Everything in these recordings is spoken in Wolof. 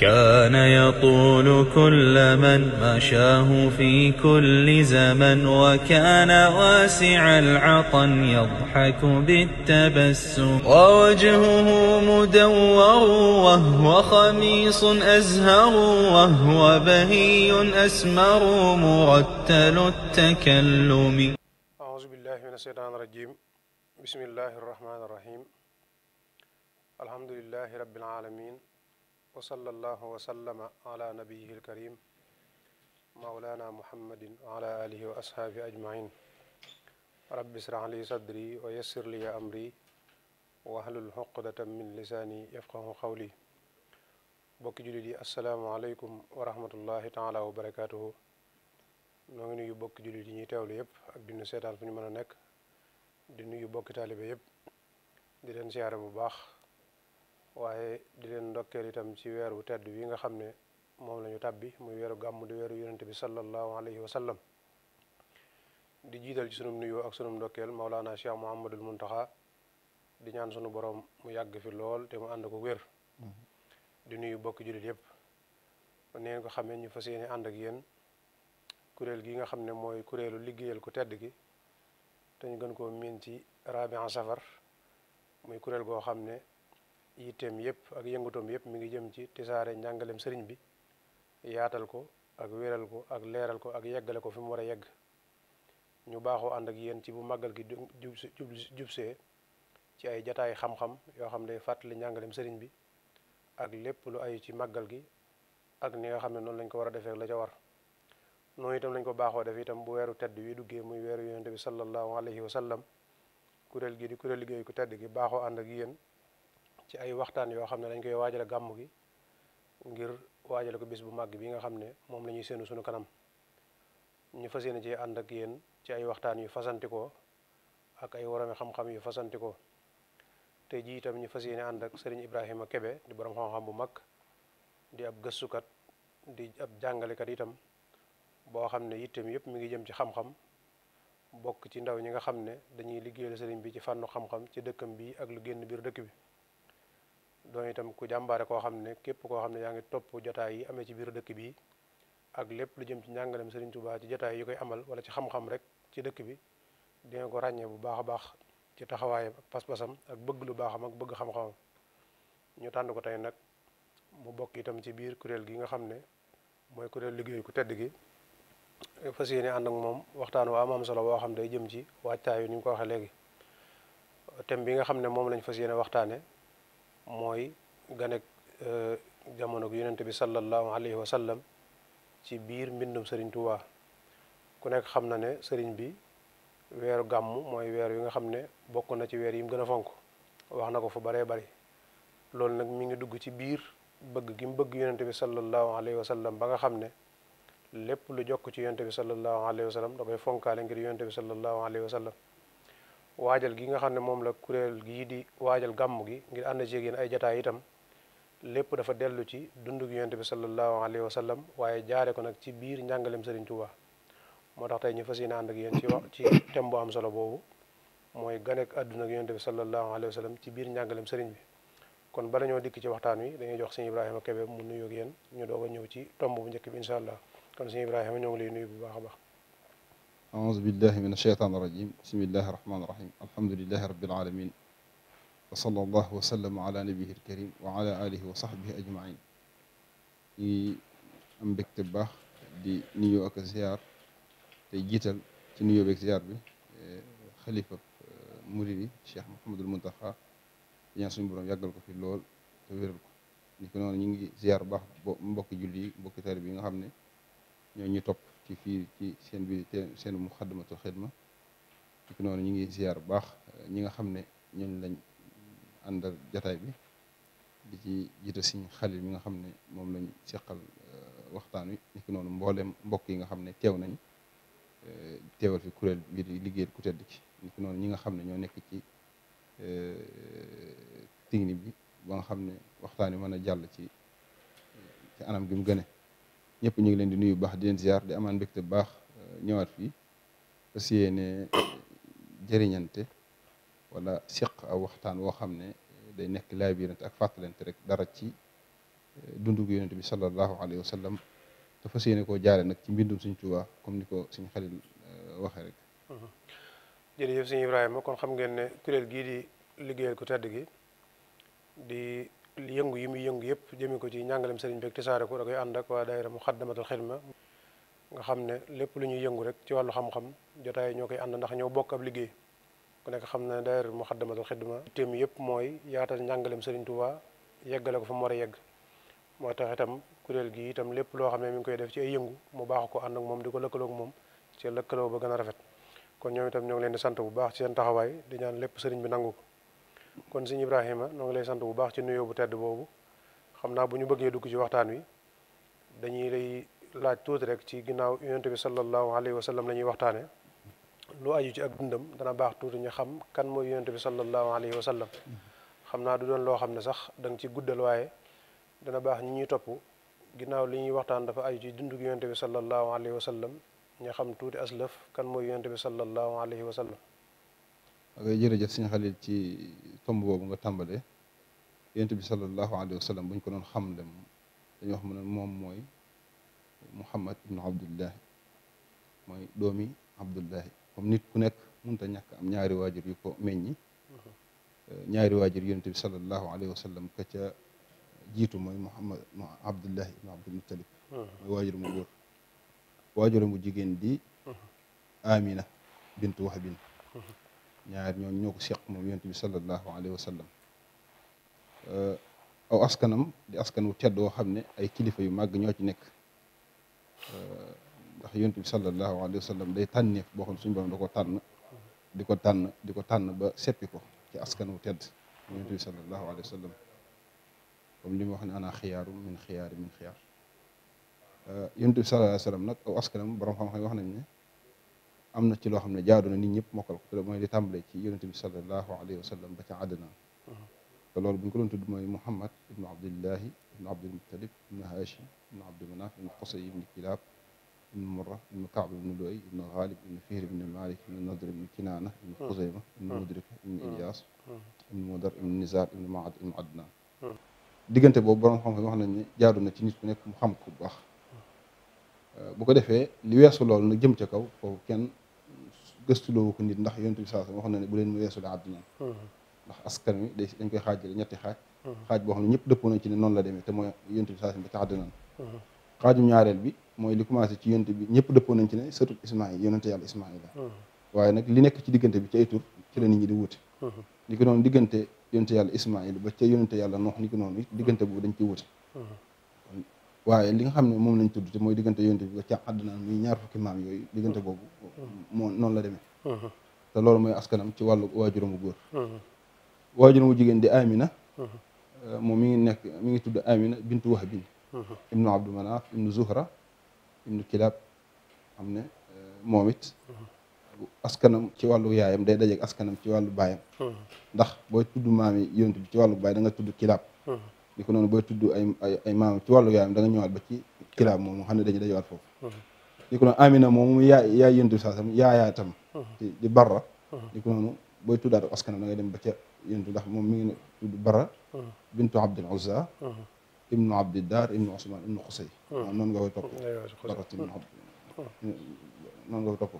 كان يطول كل من مشاه في كل زمن وكان واسع العطن يضحك بالتبسم ووجهه مدور وهو خميص أزهر وهو بهي أسمر مرتل التكلم أعوذ بالله من الشيطان الرجيم بسم الله الرحمن الرحيم الحمد لله رب العالمين wa sallallahu wa sallama ala nabiyihi alkarim maulana muhammadin wa ala alihi wa rabbi israh li sadri wa yassir li amri wahlul xuqdatan min lisaani yafqahu qawli bokki jullit yi asalaamualeykum wa rahmatullahi taala wa barakatuhu noo ngi nuyu bokki jullit yi ñuy teewlu yëpp ak dinu seetaan fu ñu mën a nekk di nuyu bokki taalibe yëpp di leen siyaare bu baax waaye di leen ndokkeel itam ci weeru tedd wi nga xam ne moom lañu tàbbi muy weeru gàmm di weeru yonente bi sallallahu alayhi wa sallam di jiital ci sunum nuyoo ak sunum ndokkeel Maulana Cheikh Mouhamadul Muntaxa di ñaan sunu boroom mu yàgg fi lool te mu ànd ko wér mm-hmm. di nuyu bokki jullit yépp neen ko xamee ñu fa yéene ànd ak yéen kuréel gii nga xam ne mooy kuréelu liggéeyal ku tedd gi te ñu gën koo miin ci rabien Safar muy kuréel goo xam ne yitteem yëpp ak yëngatoom yëpp mi ngi jëm ci tisaare njàngaleem sëriñ bi yaatal ko ak weeral ko ak leeral ko ak yeggale ko fi mu war a yegg ñu baaxoo ànd ak yéen ci bu màggal gi jub jubsee ci ay jataay xam-xam yoo xam ne fàttali njàngaleem sëriñ bi ak lépp lu ay ci màggal gi ak ni nga xam ne noonu lañ ko war a defee la ca war noonu itam lañ ko baaxoo def itam bu weeru tedd wi duggee muy weeru yonente bi sallallahu alayhi wa sallam kuréel gi di kuréel liggéey ku tedd gi baaxoo ànd ak yéen ci ay waxtaan yoo xam ne dañ koy waajale gàmmu gi ngir waajale ko bis bu màgg bi nga xam ne moom la ñuy séenu suñu kanam ñu fas yéene ci ànd ak yéen ci ay waxtaan yu fasantikoo ak ay warami xam-xam yu fasantikoo te ji itam ñu fas yéene ànd ak sëriñ Ibrahima Kebe di borom xam-xam bu mag di ab gëstukat di ab jàngalekat itam boo xam ne itam yëpp mu ngi jëm ci xam-xam bokk ci ndaw ñi nga xam ne dañuy liggéeyal sëriñ bi ci fànnu xam-xam ci dëkkam bi ak lu génn biir dëkk bi doon itam ku jàmbaare koo xam ne képp koo xam ne yaa ngi topp jotaay yi amee ci biir dëkk bi ak lépp lu jëm ci njàngalem Serigne Touba ci jotaay yi koy amal wala ci xam-xam rek ci dëkk bi di nga ko ràññee bu baax a baax ci taxawaayam ak pas-pasam bëgg lu baaxam ak bëgg xam ñu tànn ko tey nag mu bokk itam ci biir kuréel gi nga xam ne mooy kuréel liggéey ku tedd gi fas yéene ànd ak moom waxtaan wa am solo woo xam day jëm ci waajtaayu ni ñu ko waxee léegi thème bi nga xam ne moom lañ fas yéene waxtaane mooy ganek euh, jamono gu yonente bi sallallahu alayhi wa ci biir mbindum sëriñ Tuubaa ku nekk xam na ne sëriñ bi weeru gàmmu mooy weer yi nga xam ne bokk na ci weer yi mu gën a fonk wax na ko fu baree bari loolu nag mi ngi dugg ci biir bëgg gi mu bëgg yonente bi sallallahu alayhi wa sallam ba nga xam ne lépp lu jokk ci yonente bi sallallahu alayhi wa sallam da koy fonkaale ngir yonente bi sallallahu alayhi wa waajal gi nga xam ne moom la kuréel gii di waajal gàmm gi ngir ànd ci yéen ay jataay itam lépp dafa dellu ci dundug yonent bi sallallahu alayhi wa sallam waaye jaare ko nag ci biir njàngalem Sëriñ Tuubaa moo tax tey ñu fas yéene ànd ak yéen ci wax ci thème bu am solo boobu mooy ganek àdduna ak yonent bi sallallahu alayhi wa sallam ci biir njàngalem sëriñ bi kon bala ñoo dikk ci waxtaan wi dañuy jox sëñ Ibrahima Kebe mu nuyook yéen ñu doog a ñëw ci tomb bu njëkk bi incha allah kon sëñ Ibrahima ñoo ngi lay nuyu bu baax a baax أعوذ بالله من الشيطان الرجيم بسم الله الرحمن الرحيم الحمد لله رب العالمين وصلى الله وسلم على نبيه الكريم وعلى آله وصحبه أجمعين ñi am mbégte bu baax di nuyoo ak ziar te jiital ci nuyoo beeg ziar bi eh, xalifa eh, murid yi Cheikh Mouhamadul Mountakha ñaan suñu borom yàggal ko fi lool te wéral ko ni ko noonu ñu ngi ziar bu baax mbokki julli yi mbokki taalibe yi nga xam ne ñoo ñu topp ci fii ci seen bi seenu Muxaddamatul Xidma ci noonu ñu ngi ziar bu baax eh, ñi nga xam ne ñooñu lañ àndal jataay bi di ci jiite Sëriñ Xalil mi nga xam ne moom lañ seqal eh, waxtaan wi niki noonu mbooleem mbokk yi nga xam ne teew nañ eh, teewal fi kuréel ngir liggéeyal ku tedd ci niki noonu ñi nga xam ne ñoo nekk ci technique bi ba nga xam ne waxtaan wi mën a jàll ci ci anam gi mu gëne ñëpp ñu ngi leen di nuyu baax di leen ziar di amaan mbégte bu baax euh, ñëwaat fii parce que yéene euh, jëriñante wala seq aw waxtaan woo xam ne euh, day nekk laay biirante ak fàttalante rek dara ci dundu gu yonent bi sallallahu alayhi wa sallam te fas yéene koo jaare nag ci mbindum suñ Tuubaa comme ni ko suñ Xalil waxee rek mhm. jërëjëf suñu Ibrahima kon xam ngeen ne kuréel gii di liggéeyal ku tedd gi yëngu yi muy yëngu yëpp jëmee ko ci njàngalem sëriñ bi ak tisaare ko da koy ànd ak waa daayira mu xaddamatul xidma nga xam ne lépp lu ñuy yëngu rek ci wàllu xam-xam jotaay ñoo koy ànd ndax ñoo bokk ab liggéey ku nekk xam ne daayira mu xaddamatul xidma téem yëpp mooy yaatal njàngalem sëriñ Tuubaa yeggale ko fa mu war a yegg moo tax itam kuréel gi itam lépp loo xam ne mi ngi koy def ci ay mu baax ko ànd ak moom di ko lëkkaloo moom ci lëkkaloo ba gën a rafet kon ñoom itam ñoo ngi leen di sant bu baax ci seen taxawaay di ñaan lépp sëriñ bi nangu ko kon sëñ Ibrahima ñoo ngi lay sant bu baax ci nuyoo bu tedd boobu xam naa bu ñu bëggee dugg ci waxtaan wi dañuy lay laaj tuuti rek ci ginnaaw yonent bi sallallahu alayhi wa la ñuy waxtaane lu aju ci ak dana baax tuuti ñu xam kan mooy yonent bi sallallahu alayhi wa sallam xam naa du doon loo xam ne sax da nga ci guddal waaye dana baax ñi ñuy topp ginnaaw li ñuy waxtaan dafa aju ci dundu yonent bi sallallahu alayhi wa sallam ñu xam tuuti aslëf kan mooy yonent bi sallallahu alayhi wa sallam ak jërëjëf sëñ Xalil ci tomb boobu nga tàmbalee yonent bi sallallahu alayhi wa sallam bu ñu ko doon xam dem dañuy wax mu ne moom mooy mu xam Abdullahi mooy doomi Abdullahi comme nit ku nekk mun a ñàkk am ñaari waajur yu ko meññi uh-huh. ñaari waajur yonent bi sallallahu alayhi wa sallam ka ca jiitu mooy Muhammad Abdullahi ibnu Abdul Muttalib uh-huh. mu jigéen di uh-huh. Amina bintu Wahbin ñaar ñooñu ñoo ko seq moom yonent bi sallallahu alayhi wa sallam euh, aw askanam di askan wu tedd woo xam ne ay kilifa yu màgg ñoo ci nekk euh, ndax yonent bi sallallahu alayhi wa sallam day tànneef boo xam suñu borom da ko tànn di ko tànn di ko tànn ba seppi ko ci askan wu tedd yonent bi sallallahu alayhi wa sallam wax ne ana xiyaaru min xiyaari min xiyaar euh, yonent bi sallallahu alayhi nag aw askanam borom xam-xam wax nañ ne am na ci loo xam ne jaadu na nit ñëpp mokkal ko te mooy di tàmbale ci yonent bi sallallahu alayhi wa sallam ba ca àddina te loolu bu ñu ko doon tudd mooy Muhammad ibnu Abdillahi ibnu Abdul Muttalib ibnu Hashim ibnu Abdu Manaf ibnu Qusay ibnu Kilaab ibnu Murra ibnu Kaab ibnu Luay ibnu Gaalib ibnu Fihr ibnu Malik ibnu Nadr ibnu Kinaana ibnu Xuzayma ibnu Mudrika ibnu Ilyaas ibnu Mudar ibnu Nizar ibnu Maad ibnu Adnaan diggante boobu borom xam-xam wax nañ ne jaadu na ci nit ku nekk mu xam ko bu baax bu ko defee li weesu loolu nag jëm ca kaw foofu kenn gëstuloo ko nit ndax yonent bi sallallahu alayhi wasallam wax na ne bu leen mu weesu la àdduna mm-hmm. ndax askan wi day dañ koy xaajale ñetti xaaj mm-hmm. xaaj boo xam ne ñëpp dëppoo nañ ci ne noonu la demee te mooy yonent bi sallallahu alayhi wasallam bi te mm-hmm. xaajum ñaareel bi mooy li commencé ci yonent bi ñëpp dëppoo nañ ci ne sëtu Ismaayil yonente yàlla Ismaayil la ci diggante yàlla Ismaayil ni ko noonu diggante boobu dañ ci wuute waaye li nga xam ne moom lañ tudd te mooy diggante yonent bi ko càq àddinaan muy ñaar fukki maam yooyu diggante boobu moo noonu la demee mm-hmm. te loolu mooy askanam ci wàllu waajuram bu góor mm-hmm. waajuram bu jigéen di Amina mm-hmm. euh, moom mi ngi nekk mi ngi tudd Amina bintu Wahbin ibnu Abdu Manaaf ibnu Zuhra ibnu Kilaab xam ne euh, moom it askanam ci wàllu yaayam day dajeeg askanam ci wàllu baayam ndax booy tudd maam yi yonent ci wàllu baay da nga tudd Kilaab di ko noonu booy tudd ay ay maam ci wàllu yaayam da nga ñëwaat ba ci kilaab moom xam ne dañu dajewaat foofu di ko noonu amina moom mu yaay yaay yëntu saasam yaayaatam di barra di ko noonu booy tuddaat askanam da ngay dem ba ca yëntu ndax moom mi ngi tudd barra bintu abdul uzza ibnu abdiddar ibnu osman ibnu xusay noonu nga koy topp barrati min abd noonu nga koy topp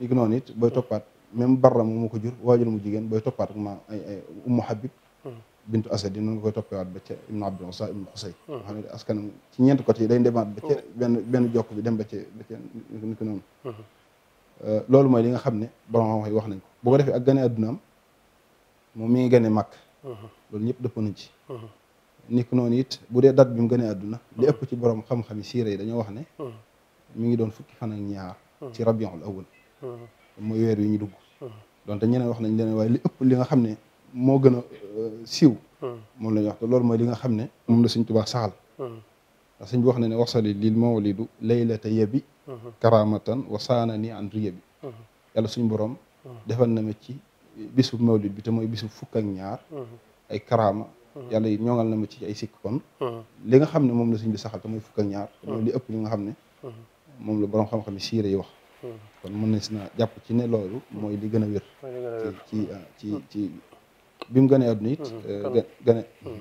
di ko noonu it booy toppaat même barra moom mu ko jur waajur mu jigéen booy toppaat ma ay ay ummu habib bintu asad yi noonu nga koy toppewaat ba ca ibnu abdul osa ibnu hmm. nga xam ne ci ñeenti côté yi day demaat ba ca hmm. benn benn jokk bi dem ba ca hmm. euh, loolu mooy li nga xam ne borom xam-xam yi wax nañ ko bu ko defee mi ngi gane màkk loolu ñëpp dëpp nañ ci ni ko it bu dee date bi mu gane adduna li ci borom xam-xam yi siira wax ne mi ngi doon fukki fan ak ñaar ci rabiul awal mooy weer wi ñu dugg donte ñeneen wax nañ waaye li ëpp li nga xam ne moo gën a euh, siiw. Hmm. moom la wax te loolu mooy li nga xam ne moom la Sëñ Tuubaa saxal. Hmm. ndax sëñ wax na ne wasali lil mawlidu laylata yabi hmm. karamatan wasaana ni an riyabi yàlla suñ borom defal na ma ci bisub mawlid bi te mooy bisub fukk ak ñaar ay karama yàlla na ma ci ay sikk li nga xam ne moom la suñ bi saxal te fukk ñaar te li ëpp li nga xam ne moom la borom xam-xam yi siire yi wax kon mën na si na jàpp ci ne loolu mooy li gën a wér ci euh, bi mu gënee àdduna it. Mhm. Euh, gën mhm.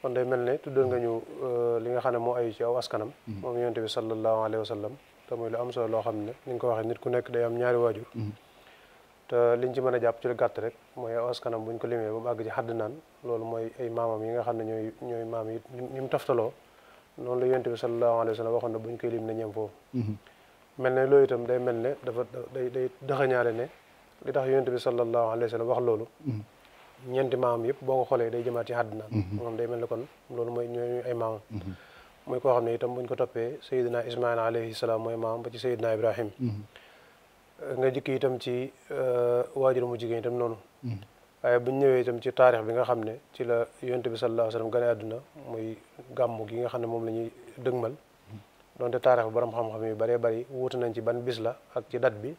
kon day mel ne tuddal nga ñu euh, li nga xam ne moo ayu ci aw askanam. Mhm. moom yonent bi sallallahu alayhi wa sallam te muy lu am solo loo xam ne ni ko waxee nit ku nekk day am ñaari waajur. te liñ ci mën a jàpp ci lu gàtt rek mooy aw askanam buñ ko limee ba mu ci xadd naan loolu mooy ay maamam yi nga xam ne ñooy ñooy maam yi ñu mu taftaloo noonu la yonent bi sallallahu alayhi wa sallam waxoon na buñ koy lim ne ñeem foofu. mel ne loolu itam day mel ne dafa day day dëxañaale ne li tax bi sallallahu alayhi wa wax loolu. ñeenti maamam yëpp boo ko xoolee day jëmaat ci àdduna mhm. moom day mel na kon loolu mooy ñooñu ay maamam mhm. muy koo xam ne itam bu buñ ko toppee sayidina ismail alayhi salaam mooy maamam ba ci sayidina ibrahim mhm. euh, nga jikk itam ci euh, waajur mu jigéen itam noonu waaye buñ ñëwee itam ci taarix bi nga xam ne ci la yonent bi sallallahu alayhi wasallam gane àdduna muy gàmmu gi nga xam ne moom la ñuy dëgmal donte taarix bi borom xam-xam yu bëree bari wuute nañ ci ban bis la ak ci date bi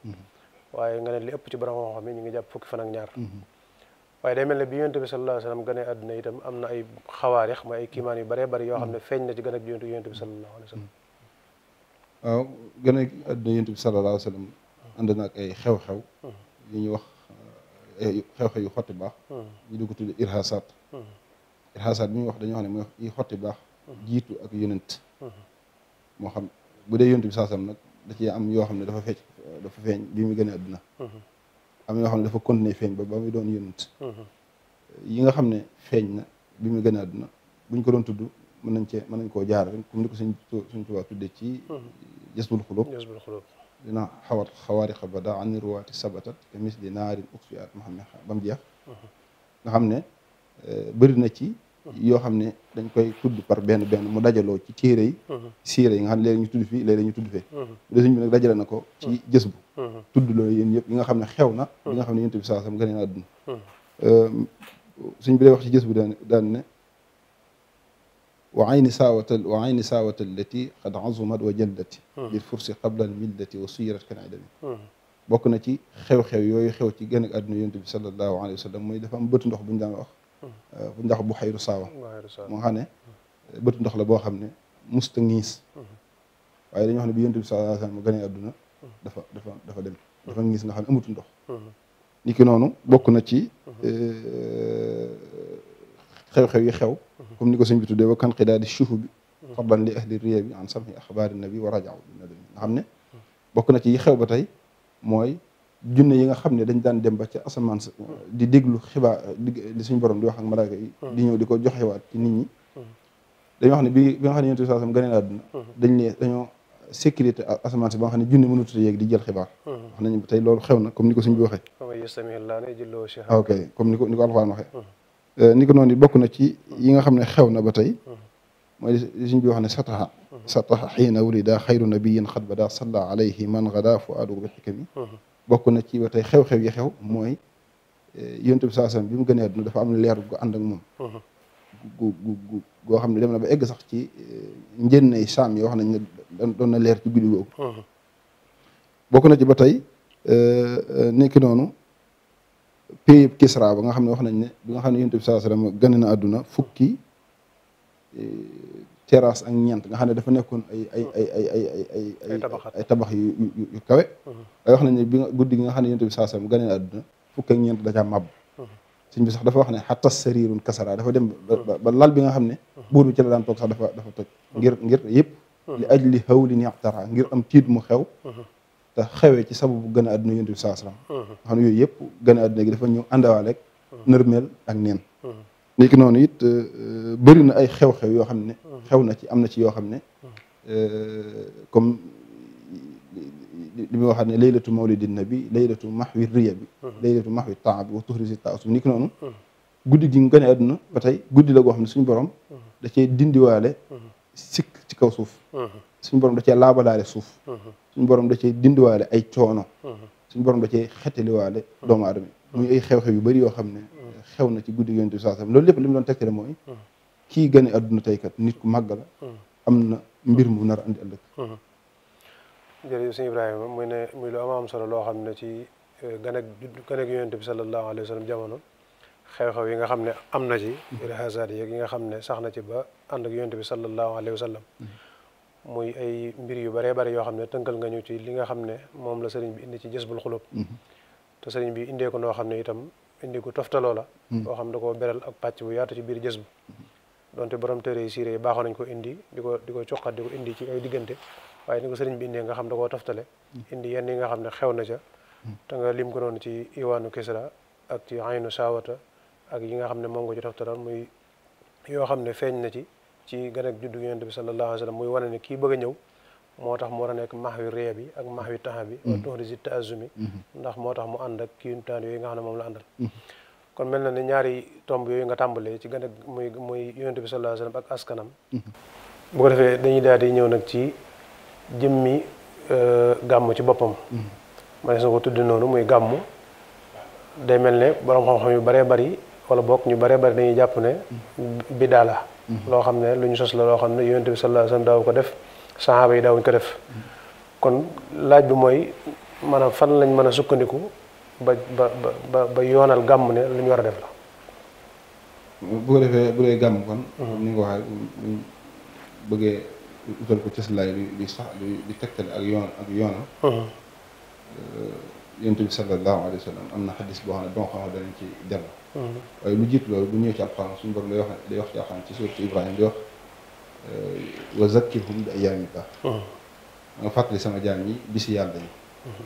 nga ne ci borom xam-xam yi ñu ngi jàpp fukki fan ak ñaar waaye day mel ne bi yonent bi sallallahu alayhi wa sallam gane àdduna tam am na ay xawaarix ma ay kiimaan yu bëree bëri yoo xam ne feeñ na ci gën ak yonent yonent bi sallallahu alayhi wa sallam waaw gën a àdduna na ak ay xew-xew yu ñu wax xew-xew yu xotti baax ñu di ko tudde irhasaat irhasaat bi wax dañoo xam ne mooy xotti baax jiitu ak yonent moo xam bu dee yonent bi nag da ci am yoo xam ne dafa feeñ dafa feeñ bi muy gën a àdduna am yoo xam ne dafa continuer feeñ ba ba muy doon yonent mhm. yi nga xam ne feeñ na bi mu gën a àdduna buñ ko doon tudd mën nañ cee mën nañ koo jaar comme ni ko suñ suñ tubaab tuddee ci mhm. jasbul xulub dina xawat xawaariqa bada ani ruwaati sabatat te mis di naarin uxfiat ma xam ne ba mu mhm. nga xam ne eh, bëri na ci yoo xam ne dañ koy tudd par benn benn mu dajaloo ci téere yi siire yi nga xam ne léeg ñu tudd fii léeg ñu tudd fee de suñ na ko ci jës bu tudd loolu yi nga xam ne xew na yi nga xam ne yéen bi saa sam gën a àdduna bi day wax ci jës bu daan daan ne wa ayni saawata wa ayni saawata allati qad azumat wa jallati lil fursi qabla al millati wa suyirat kan adami bokk na ci xew-xew yooyu xew ci gën ak àdduna yonent bi sallallahu alayhi wa sallam dafa am bëtu ndox bu ñu daan wax Euh, ndax bu xayru saawa moo xam ne bëtu ndox la boo xam ne musta ngiis mhm. waaye dañoo xam ne bi yonent bi sallallahu alayhi wasallam gane àdduna dafa dafa dafa ngiis nga xam ne amatu ndox mhm. ni ki bokk na ci mhm. euh, xew-xew yi xew comme ni ko sëñ bi tuddee wa kan xidaadi shuhubi xardan li ahli riya bi an samhi axbaari nabi wa rajaw bi xam ne bokk na ci yi xew ba tey mooy junne yi nga xam ne dañ daan dem ba ca asamaan sa di déglu xibaar di suñu borom di wax ak malaaka yi hmm. di ñëw di ko joxewaat ci nit ñi hmm. dañoo xam ne bi bi nga xam ne yonent bi sallallahu alayhi wasallam gane àdduna hmm. dañ ne dañoo sécurité asamaan si ba nga xam ne junne mënut a yéeg di jël xibaar wax nañu tey na comme ni ko suñ bi waxee ah, ok comme ni ko ni ko alxuraan euh, noonu bokk na ci yi nga xam ne xew na ba tey mooy suñ bi wax ne sataha sataha xiina wulida xayru nabiyin xad bada salla alayhi man gada fuaadu bi xikami bokk na ci ba tey xew-xew yi xew mooy eh, yonent bi saasam bi mu gënee àdduna dafa am leer gu ànd moom uh-huh. gu goo xam ne dem na ba egg sax ci eh, njënnay saam yi wax nañ ne doon na leer ci guddi googu uh-huh. na ci ba tey eh, nekki noonu pays Kisra ba nga xam ne wax nañ ne bi nga xam ne yonent bi saasam gën na àdduna fukki terrasse a ñeent nga xam ne dafa nekkoon ay ay ay ay ay ay ay ay tabax yu kawe mhm. ay wax ne bi nga guddi nga xam ne yonent bi saa mu gane àdduna da caa màbb mhm. sëñ bi sax dafa ne xatta sariirun kasara dafa dem ba mhm. lal bi nga xam ne buur bi ci la daan toog sax dafa dafa toj ngir ngir yëpp li ajli hawli niqtara ngir am tiit mu xew te xewee ci sababu gën a àdduna yonent bi saa nga xam ne yooyu yëpp gën a àdduna dafa ñëw àndawaaleeg nërmeel ak neen ni ki noonu it euh, euh, bëri na ay xew-xew yoo xam ne xew na ci am na ci yoo xam ne euh, comme li waxaat ne laylatu mawlidi nabi laylatu maxwi riya bi laylatu maxwi temps bi wa tuhrisi taasub ni ki guddi di nga gane àdduna ba guddi la goo xam ne suñ borom da cee dindiwaale sikk ci kaw suuf suñ borom da cee laabalaale suuf suñu borom da cee dindiwaale ay coono suñu borom da cee xetaliwaale doomu aadama muy ay xew-xew yu bari yoo xam ne xew na ci guddi yonent bi saa loolu lépp li mu doon tegtale mooy hmm. kii gane àdduna tey kat nit ku màgg hmm. am na mbir mu nar a andi ëllëg hmm. jërëjëf ne muy lu am solo loo xam ne ci ganek eh, ganek yonent bi sallallahu alayhi wa sallam jamono xew yi nga xam ne am na ci rahasaat yeeg yi nga xam ne sax na ci ba ànd ak yonent bi sallallahu alayhi wa sallam muy ay mbir yu bëree bëri yoo xam ne tënkal nga ñëw ci li nga xam ne moom la sëriñ bi indi ci jës bul xulub te sëriñ bi indee ko noo xam ne itam indi ko toftaloo la hmm. boo xam ne koo beral ak pàcc bu yaatu ci biir jës bu donte borom téere yi siiré yi baaxoo nañ ko indi di ko di ko coqat di ko indi ci ay diggante waaye ni ko sëriñ bi indee nga xam da koo toftale hmm. indi yenn yi nga xam ne xew na ca hmm. te nga lim ko noonu ci iwaanu Kisra ak ci aynu saawata ak yi nga xam ne moom nga ci toftaloon muy yoo xam ne feeñ na ci ci gën ak juddu yonent bi sallallahu alayhi wa sallam muy wane ne kii bëgg a ñëw moo tax mu war a nekk maax wi ree bi ak max wi taxa bi a toxrisi taazumi ndax moo tax mu ànd ak kiintaan yooyu nga xam ne moom la àndal mm-hmm. kon mel na ne ñaari tomb yooyu nga tàmbalee ci gën a muy muy yonent bi sallallahu ak askanam mm-hmm. bu defee dañuy daal di ñëw nag ci jëmmi euh, gàmm ci boppam mm-hmm. ma ne ko tuddi noonu muy gàmm day mel ne borom xam-xam yu bëree bari wala bokk ñu bëree bari dañuy jàpp ne bidaa la loo xam ne lu ñu sos la loo xam ne yonent bi sallallahu alayhi wa daa daaw ko def saxaaba yi daawuñ ko def kon laaj bi mooy maanaam fan lañ mën a sukkandiku ba ba ba ba yoonal gàmm ne lu ñu war a def la. bu defee bu dee gàmm kon. Mm-hmm. ni nga ko waxee buñ bëggee utal ko cëslaay bi di sax di tegtal ak yoon ak yoonal. Mm-hmm. Euh, yonent bi sallallahu alayhi wa sallam am na xadis boo xam ci dellu. Mm-hmm. waaye lu jiitu loolu bu ñëwee ci alxuraan suñu borom day wax day wax ci alxuraan ci suuratu Ibrahima day wax. Euh, wa zakkirhum bi ayyaamillah uh-huh. nga fàttali sama jaan yi bisi yàlla yi uh-huh.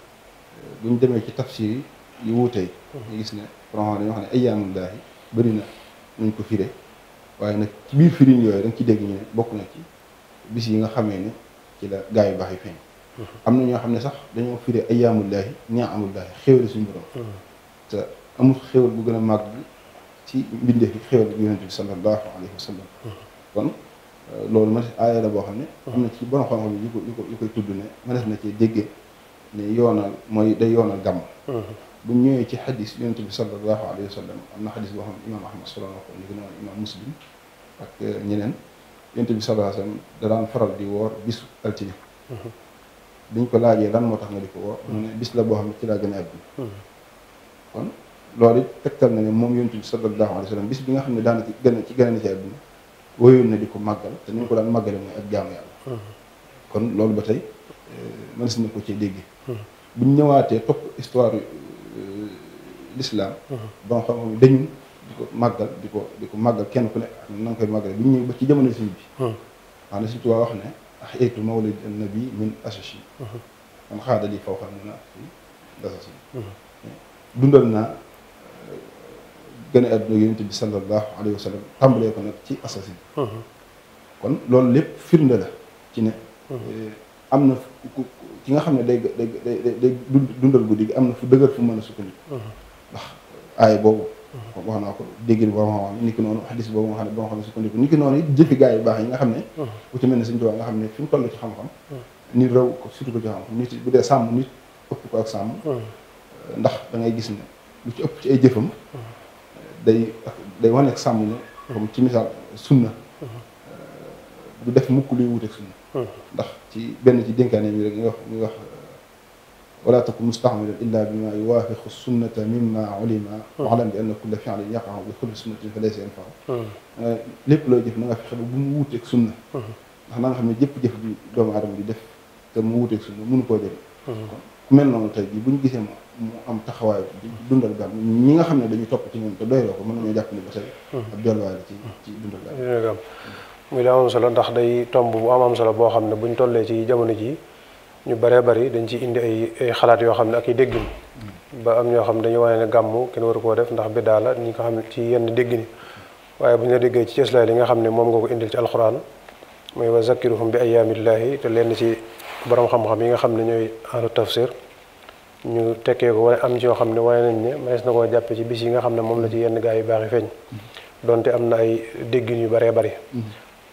euh, bu ñu demee ci tafsir yi yu wuutee ñu uh-huh. gis ne vraiment dañoo xam ne ayyaamullaahi bëri na nuñ ko fire waaye nag ci biir firin yooyu da ci dégg ñu ne bokk na ci bis yi nga xamee ni ci la gaa yu baax yi feeñ am na ñoo xam ne sax dañoo firé amul ni'amullaahi xéwale suñu borom te amul xéwal bu gën a màgg ci mbindeef yi xéwal bu yonent bi sallallahu alayhi wa sallam kon Euh, loolu ma aaya la boo xam ne am na ci borom xam-xam yu ko yu ko yu koy tudd ne ma na ci déggee ne yoonal mooy day yoonal gàmm mm-hmm. bu ñëwee ci xadis yonent bi sallallahu alayhi wa sallam am na xadis boo xam ne imaam ahmad solo na ko ni ko noonu imaam muslim ak euh, ñeneen yonent bi sallallahu alayhi wa sallam da daan faral mm-hmm. ko laajee lan moo tax nga di ko woor mu ne bis la boo xam ne ci laa gën a àdduna mm-hmm. kon loolu it tegtal na ne moom yonent bi sallallahu alayhi wa bis bi nga xam ne daana ci ci gën a ni ci yoon na di ko màggal te ni ko daan màggale mooy ak jaamu yàlla. Hmm. kon loolu ba tey eh, mënees na ko ci dégg. Hmm. bu ñu ñëwaatee topp histoire eh, l'islam. Hmm. ba nga xam ne dañu di ko màggal di ko di ko màggal kenn ku ne na nga koy màggale bu ñëw ba ci jamono suñu bi. maanaam surtout waa wax ne ah eetu mawlid annabi min asashi. man xaaral di faw xam ne dundal naa. gën a àdduna yonent bi sallallahu alayhi wa sallam ko nag ci asasi kon loolu lépp firnde la ci ne eh, am na ki nga xam ne day day day day dundal guddi gi am na fu dëgër fu mën a sukkandiku ndax aay boobu wax naa ko déggin boo xam ne ni ki noonu xadis boobu nga xam ne boo ma xam ne sukkandiku ni ki noonu it jëfi gaa yu baax yi nga xam ne ku ci mel ne ci xam-xam nit raw ko surtout ko ci mm. ndax da ngay gis lu ci ëpp ci ay jëfam day day wane ak sàmm nga comme ci misaal sunna du def mukk luy wuteeg sunna ndax ci benn ci dénkaane bi rek ñu wax ñu wax wala takun mustahmilan illa bima yuwafiqu sunnata mimma ulima waalam bi anna kulla fi'lin yaqa'u bi xulfi sunnatin fa laysa yanfa'u hmm. lépp looy jëf na nga fexe ba bu mu wuteeg sunna hmm. ndax na nga xam ne jëpp jëf bi doomu aadama di def te mu wuteeg sunna mënu koo jëriñ hmm. ku mel noonu tey jii bu ñu gisee mu am taxawaay dundal gan ñi nga xam ne dañuy topp ci ñoom te doyloo ko mën hmm. am solo ndax day tomb bu am am solo boo xam ne bu ñu tollee ci jamono ji ñu bëree bari dañ ci indi ay ay xalaat yoo xam ne ak i déggin ba am ñoo xam ne dañu wane ne gàmmu kenn waru koo def ndax biddaa la ñi nga xam ne ci yenn déggin waaye bu ñu la déggee ci cëslaay yi nga xam ne moom nga ko indil ci alxuraan mooy wa zakkiruhum bi ayaamillaahi te lenn ci borom xam-xam yi nga xam ne ñooy ahlu tafsir ñu tekkee ko wala am ci yoo xam ne waaye nañ ne mënees na koo jàppe ci bis yi nga xam ne moom la ci yenn gaa yu baax yi feeñ donte am na ay déggin yu baree bari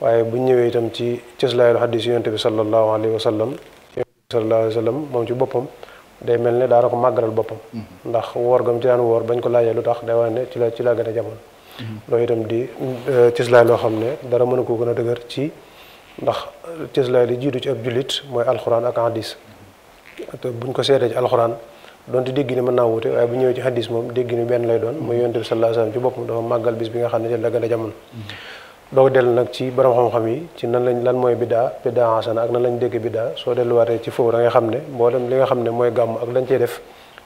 waaye bu ñëwee itam ci cëslaayul xadis yonent bi sallallahu alayhi wa sallam yonent bi sallallahu alayhi wa sallam moom ci boppam day mel ne daana ko màggalal boppam ndax woor gam ci daan woor bañ ko laajee lu tax day wane ne ci la ci la gën a jamono mm-hmm. loolu itam di euh, cëslaay loo xam ne dara mën a ko gën a dëgër ci ndax cëslaay li jiitu ci ab jullit mooy alxuraan ak hadis te buñ ko seetee ci alxuraan donte dégg ni mën naa wuute waaye bu ñëwee ci hadis moom dégg ni benn lay doon mooy yonent bi sallallahu alayhi wasallam ci boppam dafa màggal bis bi nga xam ne a jamono doo dellu nag ci borom xam-xam ci nan lañ lan mooy biddaa biddaa hasana ak nan lañ dégg biddaa soo delluwaatee ci foofu da nga xam ne mboolem li nga xam ne mooy gàmm ak lañ cey def